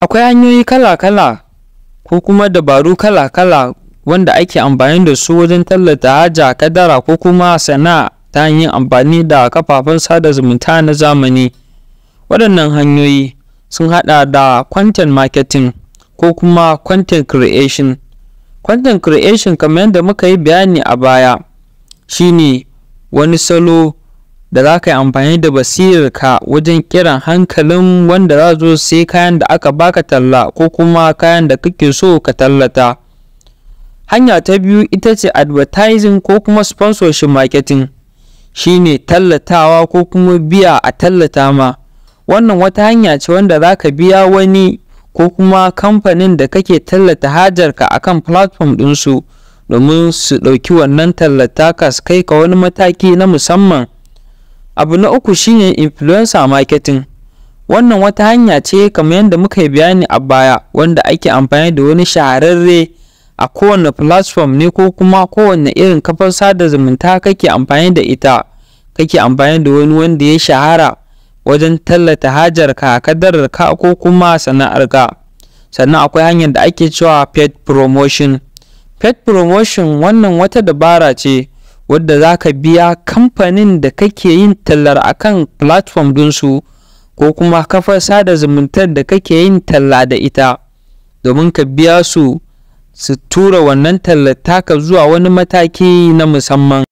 Akwai hanyoyi kala-kala ko kuma dabaru kala-kala wanda ake amfani da su wajen tallata haja, kadara ko kuma sana'a ta hanyar amfani da kafafen sada zumunta na zamani. Waɗannan hanyoyi sun haɗa da content marketing ko kuma content creation. Content creation kamar yadda muka yi bayani a baya shine wani salo da za ka yi amfani da basirarka wajen kiran hankalin wanda za zo sai kayan da aka baka talla ko kuma kayan da kake so ka tallata hanya ta biyu ita ce advertising ko kuma sponsorship marketing shi ne tallatawa ko kuma biya a tallata ma wannan wata hanya ce wanda za ka biya wani ko kuma kamfanin da kake tallata hajarka a kan platform ɗinsu domin su ɗauki wannan tallata ka kai ka wani mataki na musamman abu na uku shine influencer marketing wannan wata hanya ce kamar yadda muka yi bayani a baya wanda ake amfani da wani shahararre a kowane platform ne ko kuma kowane irin kafar sada zumunta kake amfani da ita kake amfani da wani wanda ya shahara wajen tallata hajar hajarka kadararka ko kuma sana'ar sana'arka sannan akwai hanyar da ake cewa pet promotion pet promotion wannan wata dabara ce wadda za ka biya kamfanin da kake yin tallar a kan platform su ko kuma kafar sada zumuntar da kake yin talla da ita domin ka biya su su tura wannan tallar taka zuwa wani mataki na musamman